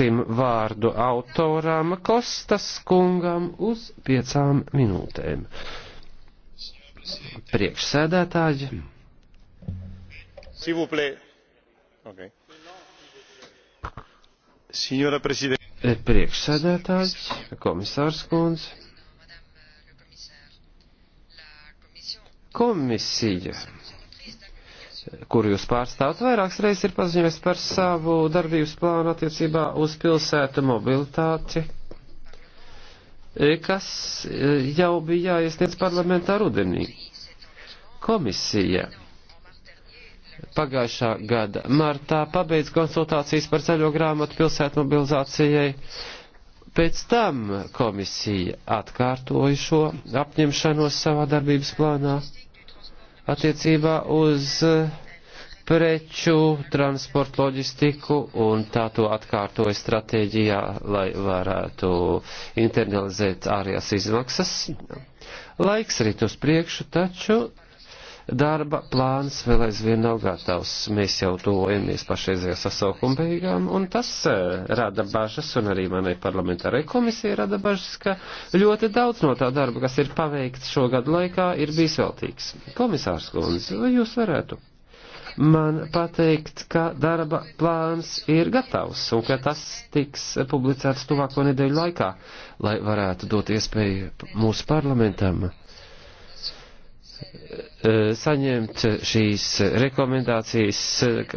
dosim vārdu autoram Kostas kungam uz piecām minūtēm. Priekšsēdētāji. Okay. Priekšsēdētājs, komisārs kundz. Komisija kuru jūs pārstāvat, vairākas reizes ir paziņojis par savu darbības plānu attiecībā uz pilsētu mobilitāti, e, kas e, jau bija jāiesniedz parlamentā rudenī. Komisija pagājušā gada martā pabeidz konsultācijas par zaļo grāmatu pilsētu mobilizācijai. Pēc tam komisija atkārtoja šo apņemšanos savā darbības plānā attiecībā uz eh, preču transportu loģistiku un tā to atkārtoja stratēģijā, lai varētu internalizēt ārējās izmaksas. Laiks rit uz priekšu, taču darba plāns vēl aizvien nav gatavs. Mēs jau tuvojamies pašreizajā sasaukuma beigām, un tas eh, rada bažas, un arī manai parlamentārai komisija rada bažas, ka ļoti daudz no tā darba, kas ir paveikts šo gadu laikā, ir bijis veltīgs. Komisārs Kundze, vai jūs varētu? Man pateikt, ka darba plāns ir gatavs un ka tas tiks publicēts tuvāko nedēļu laikā, lai varētu dot iespēju mūsu parlamentam uh, Eh, saņemt šīs rekomendācijas eh,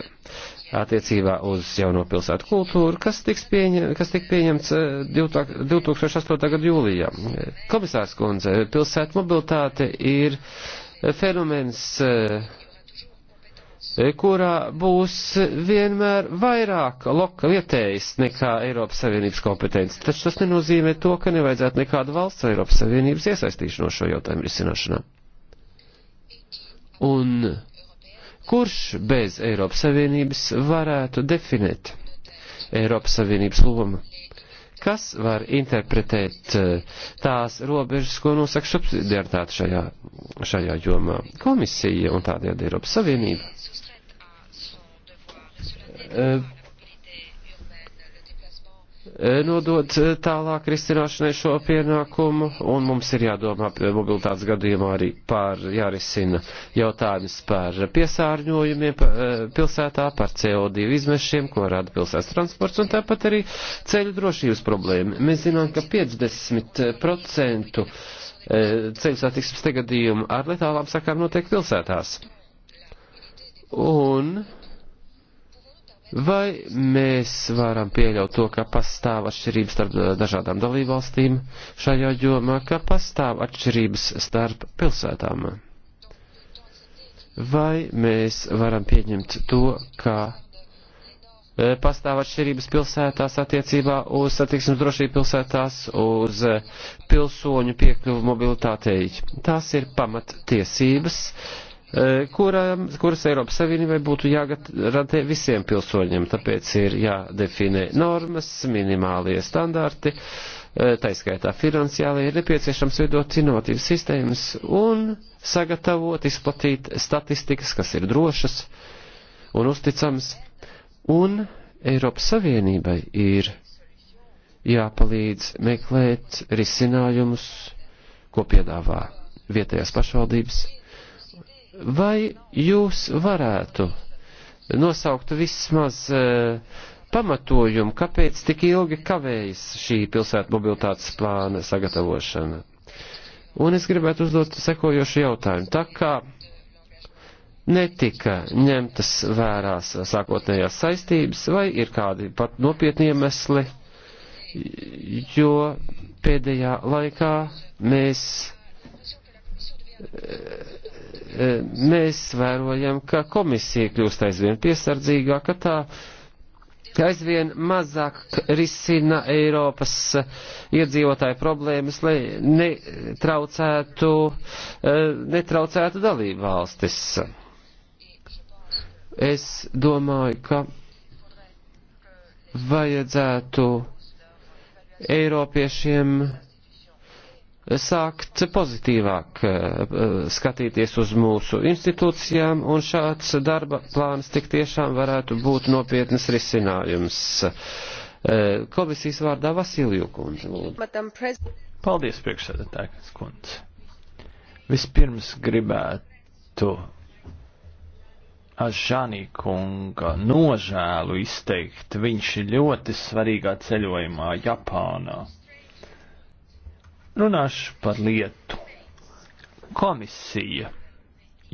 attiecībā uz jauno pilsētu kultūru, kas, pieņem, kas tika pieņemts 2008. Eh, gada jūlijā. Komisārs kundze, pilsētu mobilitāte ir fenomens, kurā būs vienmēr vairāk loka vietējas nekā Eiropas Savienības kompetence. Taču tas nenozīmē to, ka nevajadzētu nekādu valsts vai Eiropas Savienības iesaistīšanos šo jautājumu risināšanā. Un kurš bez Eiropas Savienības varētu definēt Eiropas Savienības lomu? Kas var interpretēt eh, tās robežas, ko nosaka subsidiaritāte šajā, šajā jomā? Komisija un tādējādi Eiropas Savienība. Uh, E, nodot e, tālāk risināšanai šo pienākumu, un mums ir jādomā mobilitātes gadījumā arī par jārisina jautājums par piesārņojumiem e, pilsētā, par CO2 izmešiem, ko rada pilsētas transports, un tāpat arī ceļu drošības problēma. Mēs zinām, ka 50% ceļu satiksmes te gadījumu ar letālām sakām notiek pilsētās. Un Vai mēs varam pieļaut to, ka pastāv atšķirības starp eh, dažādām dalībvalstīm šajā jomā, ka pastāv atšķirības starp pilsētām? Vai mēs varam pieņemt to, ka eh, pastāv atšķirības pilsētās attiecībā uz satiksmes drošību pilsētās, uz eh, pilsoņu piekļuvu mobilitātei. Tās ir pamattiesības, Eh, kurām, kuras Eiropas Savienībai būtu jāgatavē visiem pilsoņiem. Tāpēc ir jādefinē normas, minimālie standarti, eh, taiskaitā finansiāli ir nepieciešams veidot inovatīvas sistēmas un sagatavot, izplatīt statistikas, kas ir drošas un uzticams. Un Eiropas Savienībai ir jāpalīdz meklēt risinājumus, ko piedāvā vietējās pašvaldības Vai jūs varētu nosaukt vismaz uh, pamatojumu, kāpēc tik ilgi kavējas šī pilsētu mobilitātes plāna sagatavošana? Un es gribētu uzdot sekojošu jautājumu. Tā kā netika ņemtas vērās sākotnējās saistības, vai ir kādi pat nopietni iemesli, jo pēdējā laikā mēs eh, Eh, mēs vērojam, ka komisija kļūst aizvien piesardzīgāka, tā aizvien mazāk risina Eiropas eh, iedzīvotāju problēmas, lai netraucētu, eh, netraucētu dalību valstis. Es domāju, ka vajadzētu Eiropiešiem sākt pozitīvāk eh, eh, skatīties uz mūsu institūcijām, un šāds darba plāns tik tiešām varētu būt nopietnas risinājums. Eh, komisijas vārdā Vasilju kundze. Paldies, priekšsēdētājs kundze. Vispirms gribētu Ažanī kunga nožēlu izteikt. Viņš ir ļoti svarīgā ceļojumā Japānā Runāšu par lietu. Komisija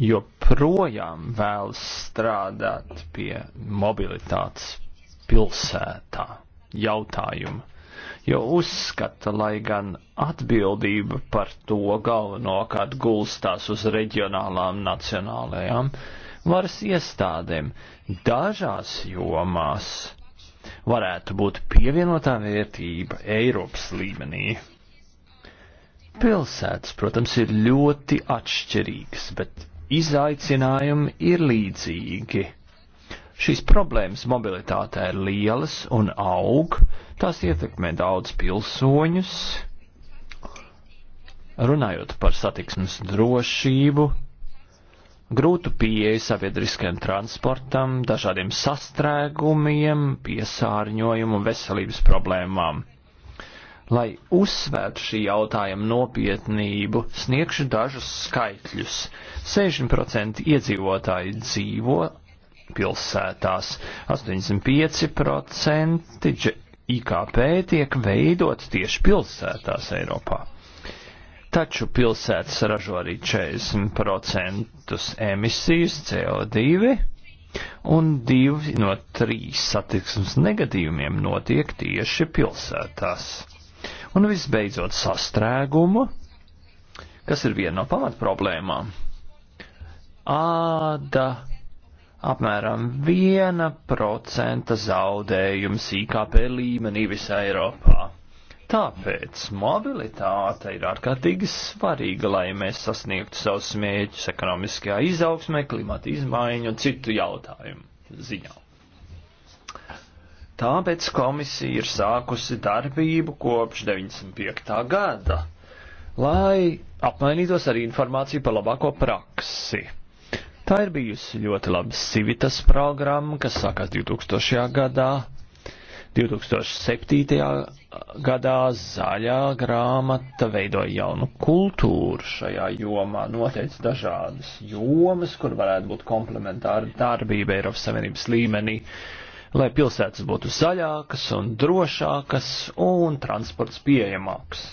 joprojām vēlas strādāt pie mobilitātes pilsētā jautājuma, jo uzskata, lai gan atbildība par to galvenokārt gulstās uz reģionālām nacionālajām varas iestādēm dažās jomās varētu būt pievienotā vērtība Eiropas līmenī. Pilsētas, protams, ir ļoti atšķirīgas, bet izaicinājumi ir līdzīgi. Šīs problēmas mobilitātē ir lielas un aug, tās ietekmē daudz pilsoņus. Runājot par satiksmes drošību, grūtu pieeju sabiedriskajam transportam, dažādiem sastrēgumiem, piesārņojumu un veselības problēmām. Lai uzsvērtu šī jautājuma nopietnību, sniegšu dažus skaitļus. 60% iedzīvotāji dzīvo pilsētās, 85% IKP tiek veidots tieši pilsētās Eiropā. Taču pilsētas ražo arī 40% emisijas CO2, un divi no trīs satiksmes negadījumiem notiek tieši pilsētās. Un visbeidzot sastrēgumu, kas ir viena no pamatproblēmām. Āda apmēram 1% zaudējums IKP līmenī visā Eiropā. Tāpēc mobilitāte ir ārkārtīgi svarīga, lai mēs sasniegtu savus mērķus ekonomiskajā izaugsmē, klimata izmaiņu un citu jautājumu ziņā. Tāpēc komisija ir sākusi darbību kopš 95. gada, lai apmainītos ar informāciju par labāko praksi. Tā ir bijusi ļoti laba civitas programma, kas sākās 2000. gadā, 2007. gadā zaļā grāmata veidoja jaunu kultūru šajā jomā, noteica dažādas jomas, kur varētu būt komplementāra darbība Eiropas Savienības līmenī. Uh, lai pilsētas būtu zaļākas un drošākas un transports pieejamāks.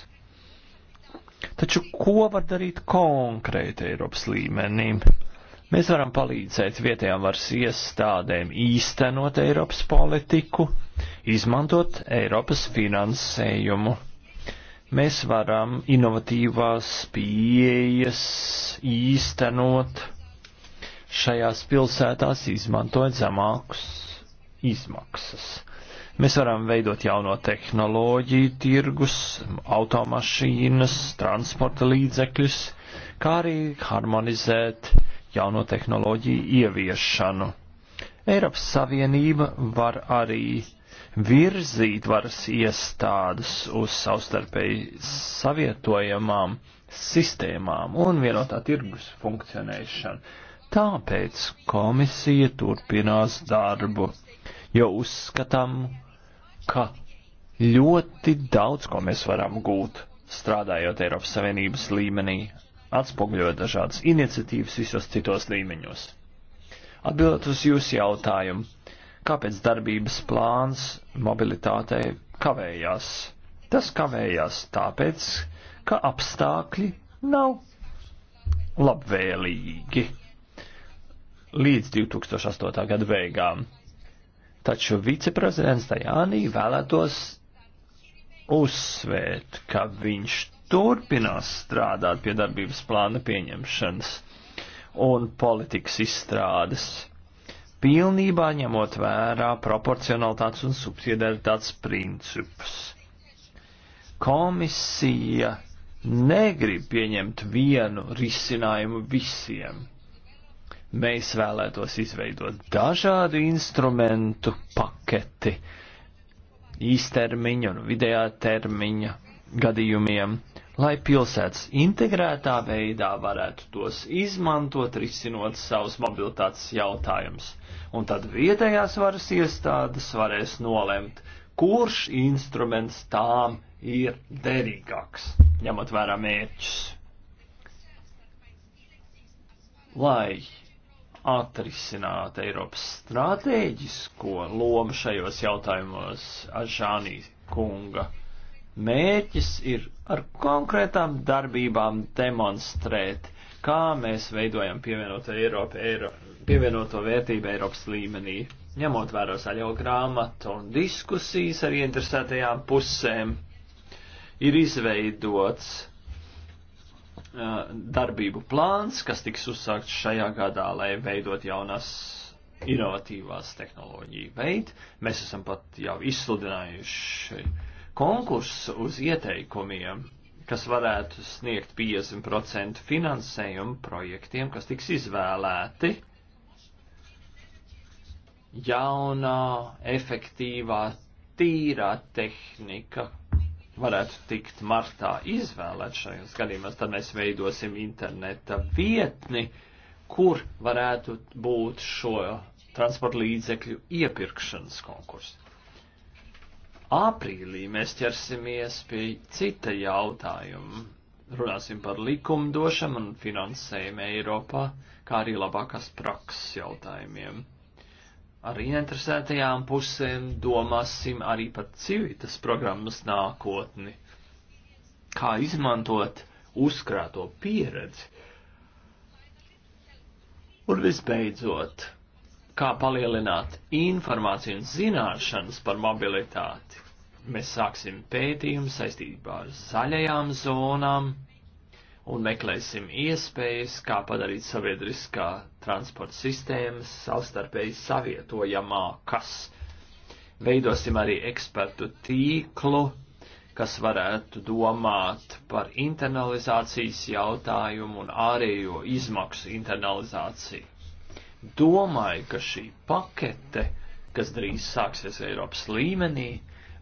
Taču ko var darīt konkrēti Eiropas līmenī? Mēs varam palīdzēt vietējām varas iestādēm īstenot Eiropas politiku, izmantot Eiropas finansējumu. Mēs varam inovatīvās pieejas īstenot šajās pilsētās, izmantojot zemākus izmaksas. Mēs varam veidot jauno tehnoloģiju, tirgus, automašīnas, transporta līdzekļus, kā arī harmonizēt jauno tehnoloģiju ieviešanu. Eiropas Savienība var arī virzīt varas iestādes uz savstarpēji savietojamām sistēmām un vienotā tirgus funkcionēšanu. Tāpēc komisija turpinās darbu jo uzskatām, ka ļoti daudz, ko mēs varam gūt, strādājot Eiropas Savienības līmenī, atspoguļot dažādas iniciatīvas visos citos līmeņos. Atbildot uz jūsu jautājumu, kāpēc darbības plāns mobilitātei kavējās? Tas kavējās tāpēc, ka apstākļi nav labvēlīgi līdz 2008. gada beigām. Taču viceprezidents Tajānī vēlētos uzsvērt, ka viņš turpinās strādāt pie darbības plāna pieņemšanas un politikas izstrādes, pilnībā ņemot vērā proporcionalitātes un subsidiaritātes principus. Komisija negrib pieņemt vienu risinājumu visiem Mēs vēlētos izveidot dažādu instrumentu paketi īstermiņa un vidējā termiņa gadījumiem, lai pilsētas integrētā veidā varētu tos izmantot, risinot savus mobilitātes jautājumus. Un tad vietējās varas iestādes varēs nolemt, kurš instruments tām ir derīgāks, ņemot vērā mērķus. Lai atrisināt Eiropas stratēģisko lomu šajos jautājumos Ažānī kunga. Mērķis ir ar konkrētām darbībām demonstrēt, kā mēs veidojam pievienoto, Eiropu, Eiro, pievienoto vērtību Eiropas līmenī, ņemot vērā zaļo grāmatu un diskusijas ar ieinteresētajām pusēm. Ir izveidots Uh, darbību plāns, kas tiks uzsākts šajā gadā, lai veidot jaunas inovatīvās tehnoloģiju veidu. Mēs esam pat jau izsludinājuši konkursu uz ieteikumiem, kas varētu sniegt 50% finansējumu projektiem, kas tiks izvēlēti jaunā, efektīvā, tīrā tehnika, varētu tikt martā izvēlēt šajos gadījumos, tad mēs veidosim interneta vietni, kur varētu būt šo transporta līdzekļu iepirkšanas konkursu. Aprīlī mēs ķersimies pie cita jautājuma. Runāsim par likumdošanu un finansējumu Eiropā, kā arī labākās prakses jautājumiem ar ieinteresētajām pusēm domāsim arī par civitas programmas nākotni, kā izmantot uzkrāto pieredzi. Un visbeidzot, kā palielināt informāciju un zināšanas par mobilitāti. Mēs sāksim pētījumu saistībā ar zaļajām zonām un meklēsim iespējas, kā padarīt sabiedriskā transporta sistēmas savstarpēji savietojamākas. Veidosim arī ekspertu tīklu, kas varētu domāt par internalizācijas jautājumu un ārējo izmaksu internalizāciju. Domāju, ka šī pakete, kas drīz sāksies Eiropas līmenī,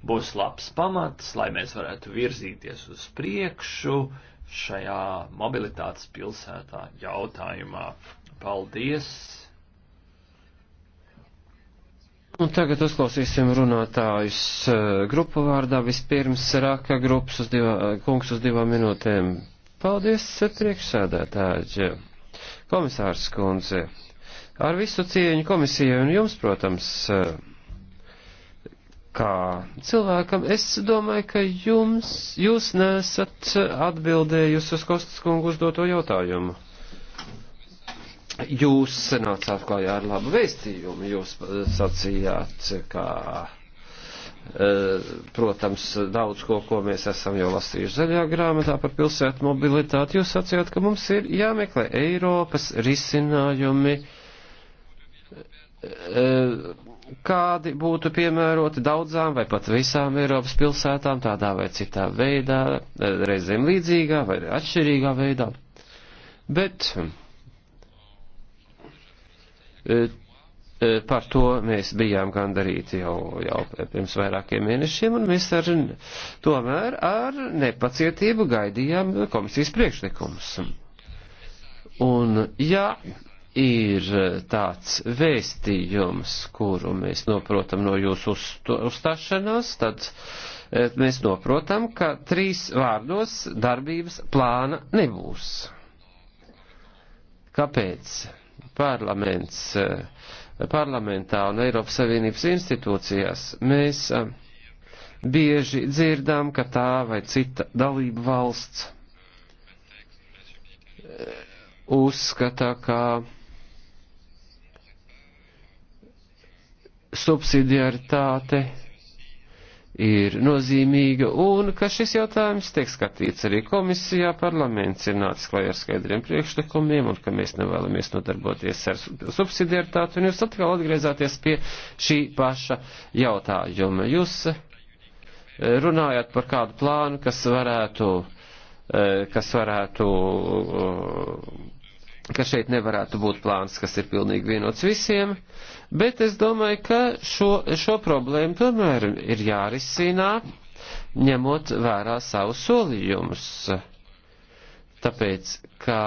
būs labs pamats, lai mēs varētu virzīties uz priekšu, šajā mobilitātes pilsētā jautājumā. Paldies! Un tagad uzklausīsim runātājus eh, grupu vārdā. Vispirms Raka grupas uz divā, eh, kungs uz divām minūtēm. Paldies, eh, priekšsēdētāji! Komisārs kundze, ar visu cieņu komisijai un jums, protams, kā cilvēkam. Es domāju, ka jums, jūs nesat atbildējusi uz Kostas kungu uzdoto jautājumu. Jūs nācāt klājā ar labu vēstījumu, jūs eh, sacījāt, ka, eh, protams, daudz ko, ko mēs esam jau lasījuši zaļā grāmatā par pilsētu mobilitāti, jūs sacījāt, ka mums ir jāmeklē Eiropas risinājumi Eh, kādi būtu piemēroti daudzām vai pat visām Eiropas pilsētām tādā vai citā veidā, eh, reizēm līdzīgā vai atšķirīgā veidā. Bet eh, par to mēs bijām gandarīti jau, jau pirms vairākiem mēnešiem, un mēs ar, tomēr ar nepacietību gaidījām komisijas priekšlikumus. Un, ja ir eh, tāds vēstījums, kuru mēs noprotam no jūsu uzstāšanās, tad eh, mēs noprotam, ka trīs vārdos darbības plāna nebūs. Kāpēc? Parlaments, eh, parlamentā un Eiropas Savienības institūcijās mēs bieži dzirdām, ka tā vai cita dalība valsts uzskata, ka subsidiaritāte ir nozīmīga un ka šis jautājums tiek skatīts arī komisijā, parlaments ir nācis klajā ar skaidriem priekšlikumiem un ka mēs nevēlamies nodarboties ar subsidiaritāti un jūs atkal atgriezāties pie šī paša jautājuma. Jūs eh, runājat par kādu plānu, kas varētu, eh, kas varētu eh, ka šeit nevarētu būt plāns, kas ir pilnīgi vienots visiem, bet es domāju, ka šo, šo problēmu tomēr ir jārisinā, ņemot vērā savus solījumus. Tāpēc, ka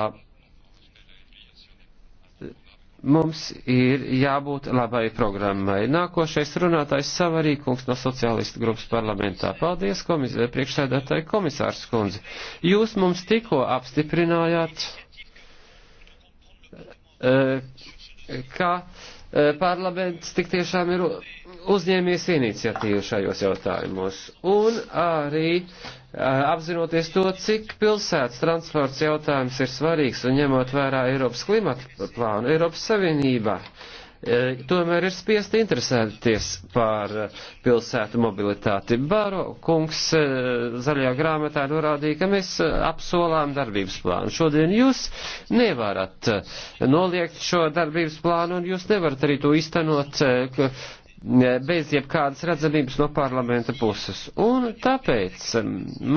mums ir jābūt labai programmai. Nākošais runātājs Savarīkungs no sociālistu grupas parlamentā. Paldies, komis priekšsēdētāji komisārs kundze. Jūs mums tikko apstiprinājāt Eh, ka eh, parlaments tik tiešām ir uzņēmies iniciatīvu šajos jautājumos. Un arī eh, apzinoties to, cik pilsētas transports jautājums ir svarīgs un ņemot vērā Eiropas klimata plānu, Eiropas Savienībā. Uh, E, tomēr ir spiest interesēties par e, pilsētu mobilitāti. Baro kungs e, zaļajā grāmatā norādīja, ka mēs apsolām darbības plānu. Šodien jūs nevarat noliegt šo darbības plānu un jūs nevarat arī to iztenot bez jebkādas redzamības no parlamenta puses. Un tāpēc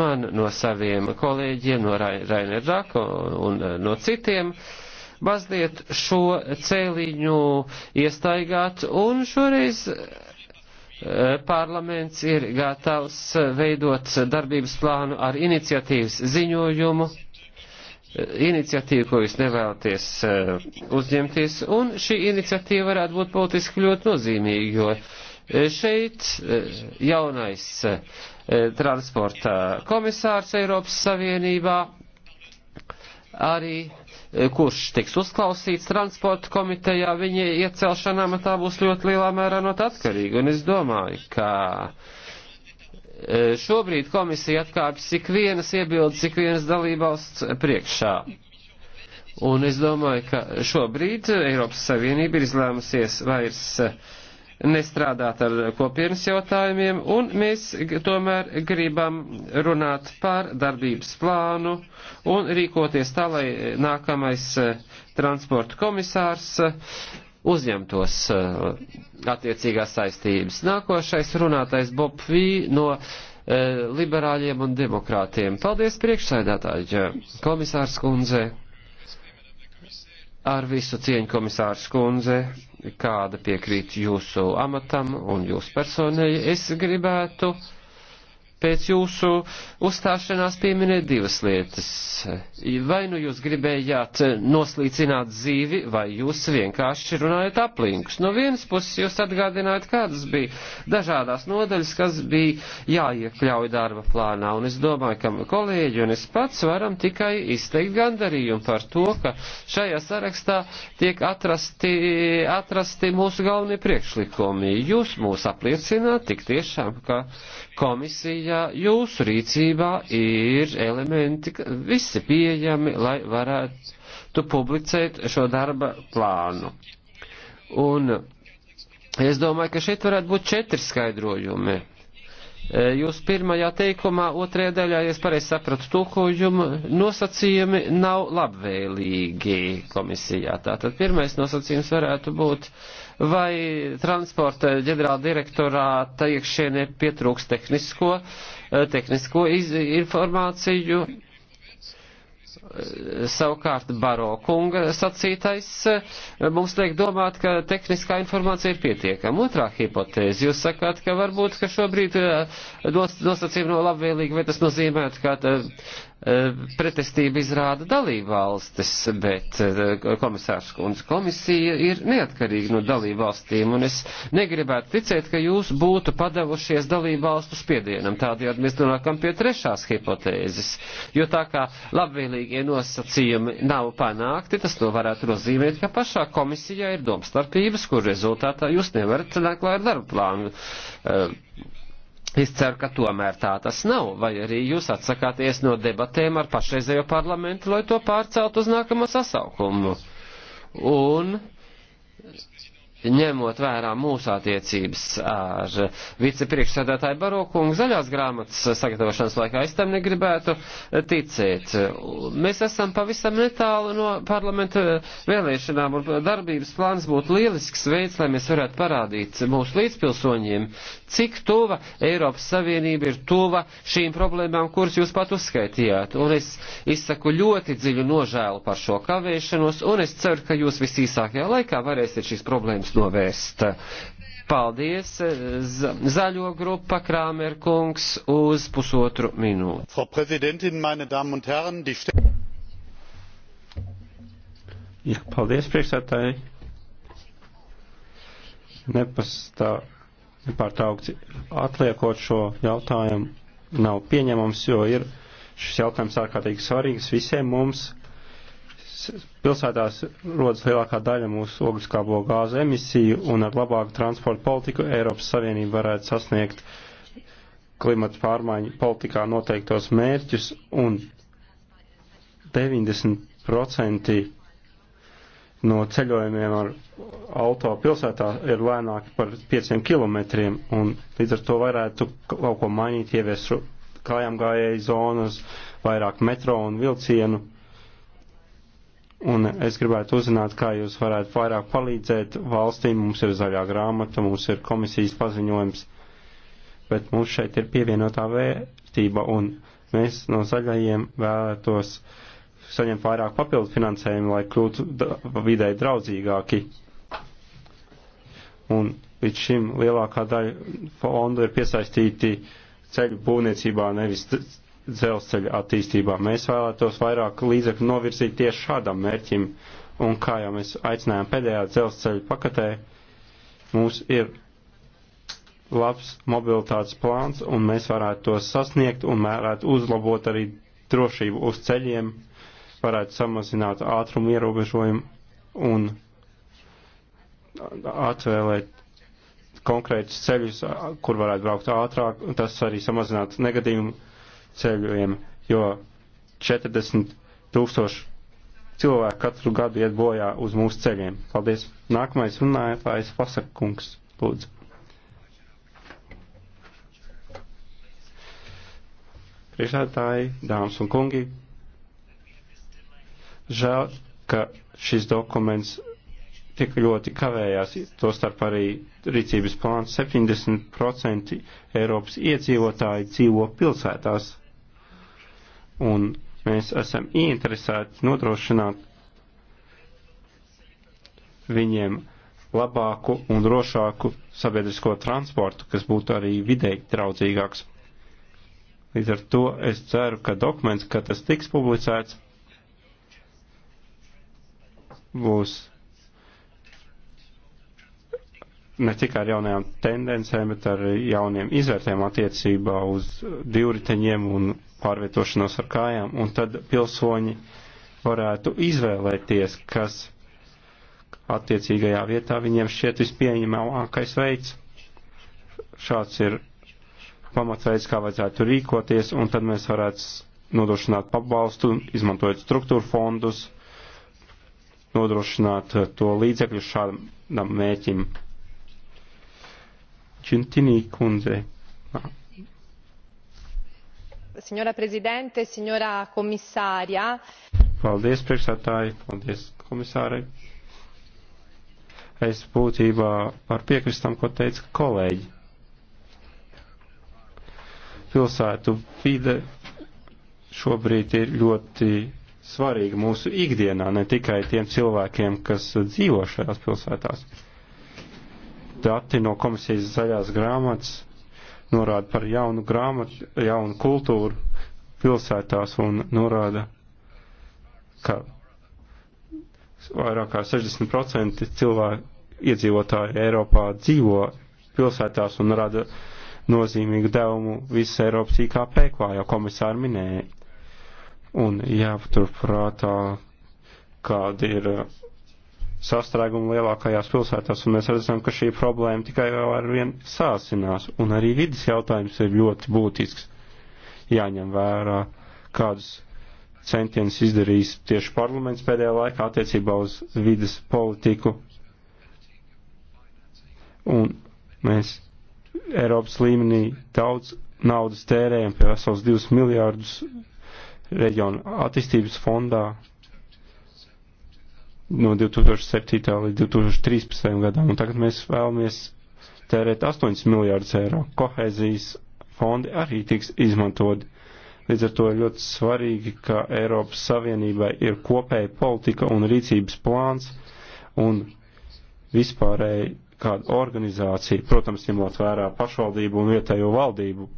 man no saviem kolēģiem, no Rainer Rako un no citiem, uh, mazliet šo cēliņu iestaigāt, un šoreiz e, parlaments ir gatavs veidot darbības plānu ar iniciatīvas ziņojumu, e, iniciatīvu, ko jūs nevēlaties e, uzņemties, un šī iniciatīva varētu būt politiski ļoti nozīmīga, jo šeit jaunais transporta komisārs Eiropas Savienībā arī Eh, kurš tiks uzklausīts transporta komitejā, viņa iecelšanā matā būs ļoti lielā mērā no tā atkarīga. Un es domāju, ka eh, šobrīd komisija atkāpjas ik vienas iebildes, ik vienas dalībvalsts priekšā. Un es domāju, ka šobrīd Eiropas Savienība ir izlēmusies vairs uh, nestrādāt ar kopienas jautājumiem, un mēs tomēr gribam runāt par darbības plānu un rīkoties tā, lai nākamais e, transporta komisārs e, uzņemtos e, attiecīgās saistības. Nākošais runātais Bob Vī no liberāļiem un demokrātiem. Paldies priekšsēdētāji, komisārs kundze ar visu cieņu komisārs kundze, kāda piekrīt jūsu amatam un jūsu personai, es gribētu pēc jūsu uzstāšanās pieminēt divas lietas. Vai nu jūs gribējāt noslīcināt dzīvi, vai jūs vienkārši runājat aplinkus. No vienas puses jūs atgādinājat, kādas bija dažādās nodaļas, kas bija jāiekļauj darba plānā. Un es domāju, ka kolēģi un es pats varam tikai izteikt gandarījumu par to, ka šajā sarakstā tiek atrasti, atrasti mūsu galvenie priekšlikumi. Jūs mūs apliecināt tik tiešām, ka komisija ja jūsu rīcībā ir elementi, visi pieejami, lai varētu publicēt šo darba plānu. Un es domāju, ka šeit varētu būt četri skaidrojumi. E, jūs pirmajā teikumā, otrajā daļā, ja es pareizi sapratu tulkojumu, nosacījumi nav labvēlīgi komisijā. Tātad pirmais nosacījums varētu būt uh, vai transporta ģenerāla direktorāta iekšienē pietrūks tehnisko, eh, tehnisko iz, informāciju. Savukārt Baro kunga sacītais eh, mums liek domāt, ka tehniskā informācija ir pietiekama. Otrā hipotēze, jūs sakāt, ka varbūt, ka šobrīd eh, nosacījumi nav no labvēlīgi, vai tas nozīmē, ka E, pretestību izrāda dalībvalstis, bet e, komisārs kundze komisija ir neatkarīga no dalībvalstīm, un es negribētu ticēt, ka jūs būtu padavušies dalībvalstu spiedienam. Tādējādi mēs nonākam pie trešās hipotēzes, jo tā kā labvēlīgie nosacījumi nav panākti, tas to varētu nozīmēt, ka pašā komisijā ir domstarpības, kur rezultātā jūs nevarat nākt klāt ar darba plānu. E, Es ceru, ka tomēr tā tas nav, vai arī jūs atsakāties no debatēm ar pašreizējo parlamentu, lai to pārcelt uz nākamo sasaukumu. Un ņemot vērā mūsu attiecības ar vicepriekšsēdētāju Barokungu, zaļās grāmatas sagatavošanas laikā es tam negribētu ticēt. Mēs esam pavisam netālu no parlamenta vēlēšanām, un darbības plāns būtu lielisks veids, lai mēs varētu parādīt mūsu līdzpilsoņiem, cik tuva Eiropas Savienība ir tuva šīm problēmām, kuras jūs pat uzskaitījāt. Un es izsaku ļoti dziļu nožēlu par šo kavēšanos, un es ceru, ka jūs visīsākajā laikā varēsiet šīs problēmas novērst. Paldies, zaļo grupa Krāmer kungs uz pusotru minūti. Frau Präsidentin, meine Damen und Herren, die Jā, paldies priekšsētāji. Nepastāv nepārtraukti atliekot šo jautājumu, nav pieņemams, jo ir šis jautājums ārkārtīgi svarīgs visiem mums. Pilsētās rodas lielākā daļa mūsu ogliskābo gāzu emisiju, un ar labāku transportu politiku Eiropas Savienība varētu sasniegt klimata pārmaiņu politikā noteiktos mērķus, un 90% no ceļojumiem ar auto pilsētā ir lēnāki par 5 kilometriem, un līdz ar to varētu kaut ko mainīt, ieviest kājām gājēju zonas, vairāk metro un vilcienu. Un es gribētu uzzināt, kā jūs varētu vairāk palīdzēt valstīm. Mums ir zaļā grāmata, mums ir komisijas paziņojums, bet mums šeit ir pievienotā vērtība, un mēs no zaļajiem vēlētos uh, saņemt vairāk papildu finansējumu, lai kļūtu vidēji draudzīgāki. Un līdz šim lielākā daļa fondu ir piesaistīti ceļu būvniecībā, nevis dzelzceļa attīstībā. Mēs vēlētos vairāk līdzekļu novirzīt tieši šādam mērķim, un kā jau mēs aicinājām pēdējā dzelzceļa pakatē, mums ir labs mobilitātes plāns, un mēs varētu to sasniegt un mērētu uzlabot arī drošību uz ceļiem varētu samazināt ātrumu ierobežojumu un atvēlēt konkrētus ceļus, kur varētu braukt ātrāk, un tas arī samazinātu negadījumu ceļojiem, jo 40 tūkstoši cilvēku katru gadu iet bojā uz mūsu ceļiem. Paldies. Nākamais runājotājs Pasakungs, lūdzu. Priekšādātāji, dāmas un kungi, Žēl, ka šis dokuments tik ļoti kavējās, to starp arī rīcības plāns 70% Eiropas iedzīvotāji dzīvo pilsētās. Un mēs esam ieinteresēti nodrošināt viņiem labāku un drošāku sabiedrisko transportu, kas būtu arī vidēji draudzīgāks. Līdz ar to es ceru, ka dokuments, kad tas tiks publicēts, būs ne tikai ar jaunajām tendencēm, bet ar jauniem izvērtēm attiecībā uz divriteņiem un pārvietošanos ar kājām, un tad pilsoņi varētu izvēlēties, kas attiecīgajā vietā viņiem šķiet vispieņemamākais veids. Šāds ir pamatveids, kā vajadzētu rīkoties, un tad mēs varētu nodrošināt pabalstu, izmantojot struktūru fondus, nodrošināt eh, to līdzekļu šādam mēķim. Čintinī kundze. Signora prezidente, signora komisārja. Paldies, priekšsētāji, paldies, komisārai. Es būtībā par piekristam, ko teica kolēģi. Pilsētu vide šobrīd ir ļoti svarīga mūsu ikdienā, ne tikai tiem cilvēkiem, kas dzīvo šajās pilsētās. Dati no komisijas zaļās grāmatas norāda par jaunu grāmatu, jaunu kultūru pilsētās un norāda, ka vairāk kā 60% cilvēku iedzīvotāji Eiropā dzīvo pilsētās un rada nozīmīgu devumu visas Eiropas IKP, kā jau komisāri minēja. Un jāpaturprātā, kāda ir uh, sastrēguma lielākajās pilsētās, un mēs redzam, ka šī problēma tikai vēl ar vien sāsinās, un arī vidas jautājums ir ļoti būtisks. Jāņem vērā, kādus centienus izdarījis tieši parlaments pēdējā laikā attiecībā uz vidas politiku. Un mēs Eiropas līmenī daudz naudas tērējam, pie vesels 2 miljārdus reģionu attīstības fondā no 2007. līdz 2013. gadam, un tagad mēs vēlamies tērēt 8 miljārdus eiro. Kohēzijas fondi arī tiks izmantoti. Līdz ar to ir ļoti svarīgi, ka Eiropas Savienībai ir kopēja politika un rīcības plāns un vispārēji kāda organizācija, protams, ņemot vērā pašvaldību un vietējo valdību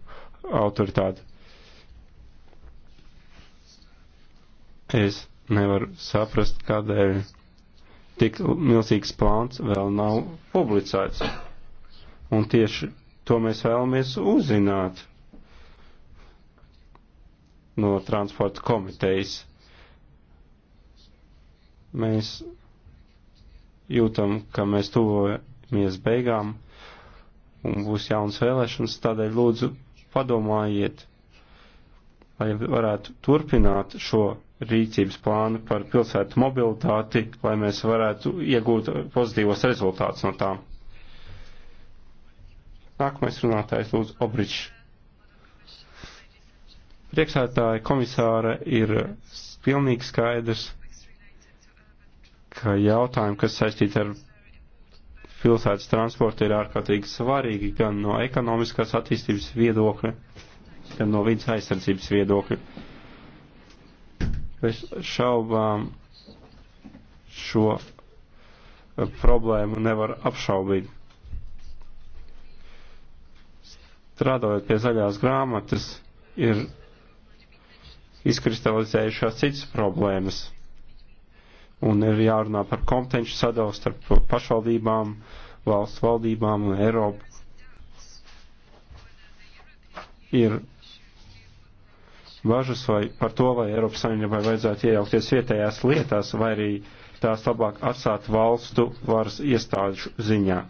autoritāti. Es nevaru saprast, kādēļ tik milzīgs plāns vēl nav publicēts. Un tieši to mēs vēlamies uzzināt no transporta komitejas. Mēs jūtam, ka mēs tuvojamies beigām un būs jauns vēlēšanas, tādēļ lūdzu padomājiet, lai varētu turpināt šo rīcības plānu par pilsētu mobilitāti, lai mēs varētu iegūt pozitīvos rezultātus no tām. Nākamais runātājs lūdzu Obričs. Priekšsētāja komisāra ir pilnīgi skaidrs, ka jautājumi, kas saistīti ar pilsētas transportu, ir ārkārtīgi svarīgi gan no ekonomiskās attīstības viedokļa, gan no vidas aizsardzības viedokļa Bez šaubām šo eh, problēmu nevar apšaubīt. Strādājot pie zaļās grāmatas, ir izkristalizējušās citas problēmas. Un ir jārunā par kompetenci sadalu starp pašvaldībām, valsts valdībām un Eiropu. Ir bažas vai par to, vai Eiropas Savienībai vajadzētu iejaukties vietējās lietās, vai arī tās labāk atstāt valstu varas iestāžu ziņā.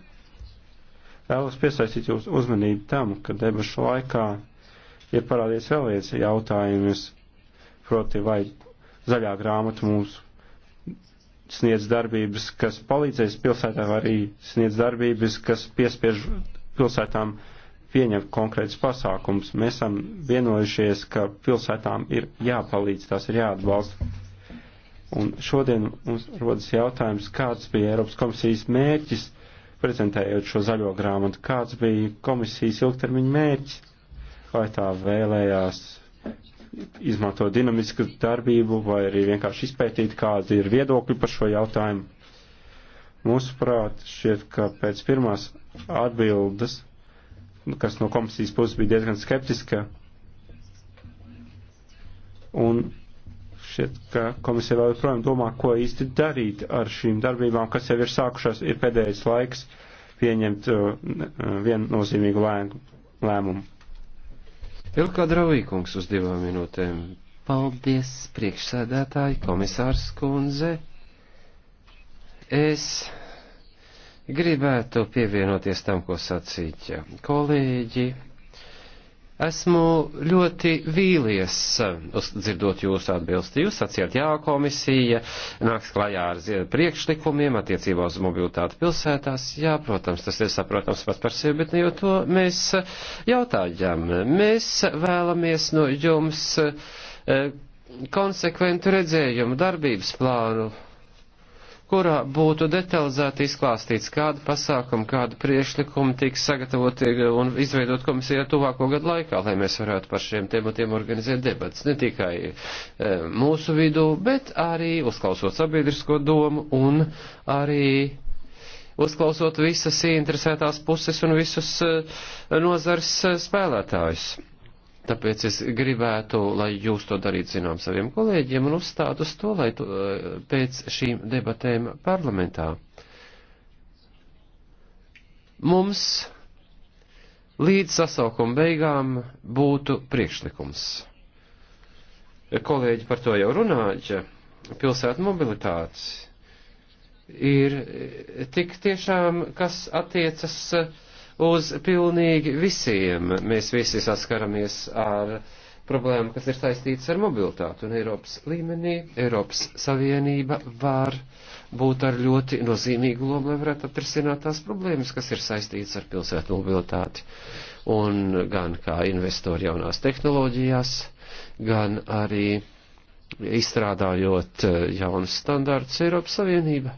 Vēlos piesaistīt jūsu uzmanību tam, ka debašu laikā ir parādījies vēl viens jautājums, proti vai zaļā grāmata mums sniedz darbības, kas palīdzēs pilsētām, vai arī sniedz darbības, kas piespiež pilsētām uh, pieņemt konkrētus pasākumus. Mēs esam vienojušies, ka pilsētām ir jāpalīdz, tās ir jāatbalsta. Un šodien mums rodas jautājums, kāds bija Eiropas komisijas mērķis, prezentējot šo zaļo grāmatu, kāds bija komisijas ilgtermiņa mērķis, vai tā vēlējās izmanto dinamisku darbību, vai arī vienkārši izpētīt, kādi ir viedokļi par šo jautājumu. Mūsuprāt, šķiet, ka pēc pirmās atbildes kas no komisijas puses bija diezgan skeptiska. Un šķiet, ka komisija vēl joprojām domā, ko īsti darīt ar šīm darbībām, kas jau ir sākušās, ir pēdējais laiks pieņemt uh, uh, viennozīmīgu lēmumu. Ilkā Dravīkungs uz divām minūtēm. Paldies, priekšsēdētāji, komisārs kundze. Es Gribētu pievienoties tam, ko sacīja kolēģi. Esmu ļoti vīlies, eh, dzirdot jūsu atbildi. Jūs sacījāt, jā, komisija nāks klajā ar priekšlikumiem attiecībā uz mobilitāti pilsētās. Jā, protams, tas ir saprotams pats par sevi, bet ne nu jau to mēs jautājam. Mēs vēlamies no jums eh, konsekventu redzējumu, darbības plānu kurā būtu detalizēti izklāstīts, kāda pasākuma, kāda priešlikuma tiks sagatavoti e, un izveidot komisijā tuvāko gadu laikā, lai mēs varētu par šiem tematiem organizēt debats. Ne tikai e, mūsu vidū, bet arī uzklausot sabiedrisko domu un arī uzklausot visas ieinteresētās puses un visus e, nozars e, spēlētājus. Tāpēc es gribētu, lai jūs to darītu zinām saviem kolēģiem un uzstātu uz to, lai tu, eh, pēc šīm debatēm parlamentā mums līdz sasaukuma beigām būtu priekšlikums. Kolēģi par to jau runāja. Pilsētu mobilitātes ir tik tiešām, kas attiecas uh, uz pilnīgi visiem. Mēs visi saskaramies ar problēmu, kas ir saistīts ar mobilitāti, un Eiropas līmenī Eiropas Savienība var būt ar ļoti nozīmīgu lomu, lai varētu atrisināt tās problēmas, kas ir saistītas ar pilsētu mobilitāti, un gan kā investori jaunās tehnoloģijās, gan arī izstrādājot eh, jaunus standārtus Eiropas Savienība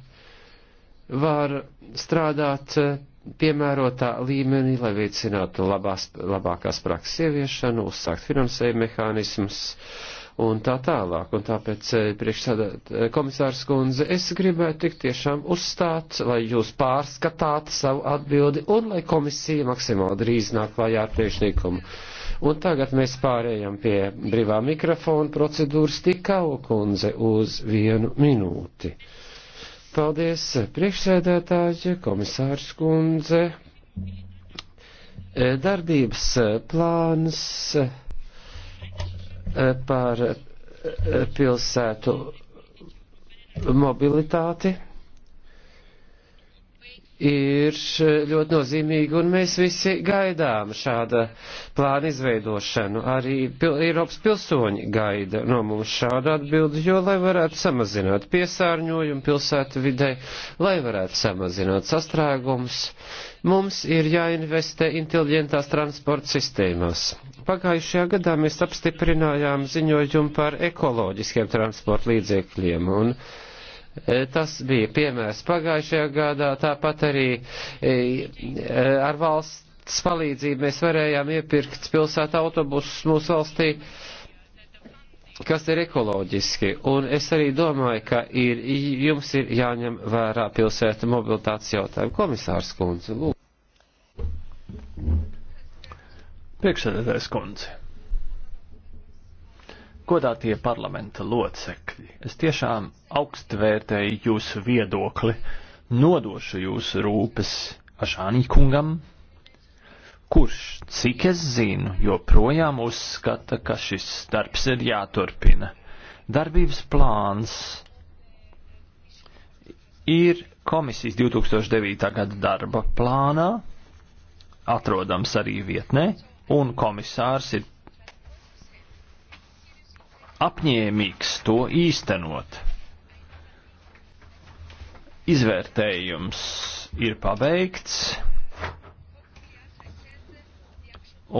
var strādāt eh, piemērotā līmenī, lai veicinātu labās, labākās prakses ieviešanu, uzsākt finansējumu mehānismus un tā tālāk. Un tāpēc, eh, priekšsādā eh, komisārs kundze, es gribētu tik tiešām uzstāt, lai jūs pārskatāt savu atbildi un lai komisija maksimāli drīz nāk klajā ar priekšlikumu. Un tagad mēs pārējām pie brīvā mikrofona procedūras tikau kundze uz vienu minūti. Paldies, priekšsēdētāji, komisārs kundze. Eh, darbības eh, plāns eh, par pilsētu mobilitāti ir ļoti nozīmīga, un mēs visi gaidām šāda plāna izveidošanu. Arī pil Eiropas pilsoņi gaida no mums šādu atbildi, jo lai varētu samazināt piesārņojumu pilsētu vidē, lai varētu samazināt sastrēgumus, mums ir jāinvestē inteliģentās transporta sistēmās. Pagājušajā gadā mēs apstiprinājām ziņojumu par ekoloģiskiem transporta līdzekļiem, un E, tas bija piemērs pagājušajā gadā, tāpat arī e, e, ar valsts palīdzību mēs varējām iepirkt pilsētu autobusus mūsu valstī, kas ir ekoloģiski. Un es arī domāju, ka ir, jums ir jāņem vērā pilsētu mobilitātes jautājumu. Komisārs Kundze, lūdzu. Priekšsēdētājs Kundze. Godātie parlamenta locekļi, es tiešām augstu vērtēju jūsu viedokli, nodošu jūsu rūpes Ašānī kungam, kurš, cik es zinu, joprojām uzskata, ka šis darbs ir jāturpina. Darbības plāns ir komisijas 2009. gada darba plānā, atrodams arī vietnē, un komisārs ir apņēmīgs to īstenot. Izvērtējums ir paveikts,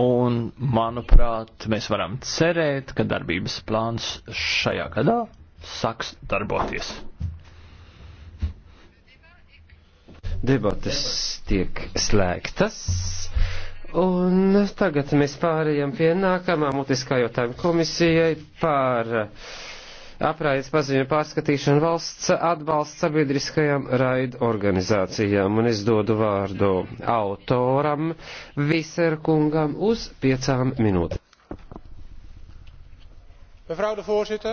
un, manuprāt, mēs varam cerēt, ka darbības plāns šajā gadā sāks darboties. Debates tiek slēgtas. Un tagad mēs pārējām pie nākamā mutiskā jautājuma komisijai par apraides paziņu pārskatīšanu valsts atbalsts sabiedriskajām raidu organizācijām. Un es dodu vārdu autoram Viserkungam uz piecām minūtēm. Mevrouw de voorzitter,